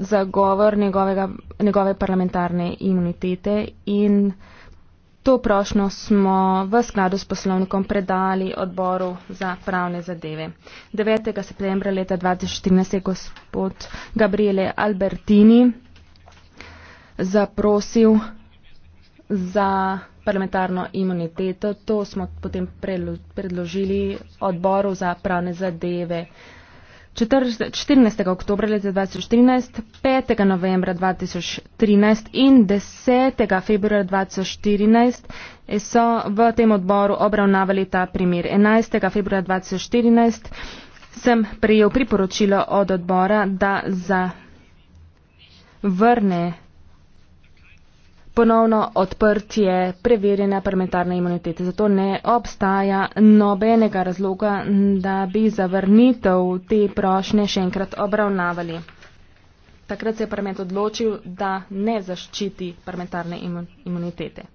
zagovor njegovega, njegove parlamentarne imunitete in to prošno smo v skladu s poslovnikom predali odboru za pravne zadeve. 9. septembra leta 2014 je gospod Gabriele Albertini zaprosil za parlamentarno imuniteto. To smo potem predložili odboru za pravne zadeve. 14. oktobra leta 2014, 5. novembra 2013 in 10. februarja 2014 so v tem odboru obravnavali ta primer. 11. februarja 2014 sem prejel priporočilo od odbora, da za vrne ponovno odprtje preverjene parlamentarne imunitete. Zato ne obstaja nobenega razloga, da bi zavrnitev te prošnje še enkrat obravnavali. Takrat se je parlament odločil, da ne zaščiti parlamentarne imunitete.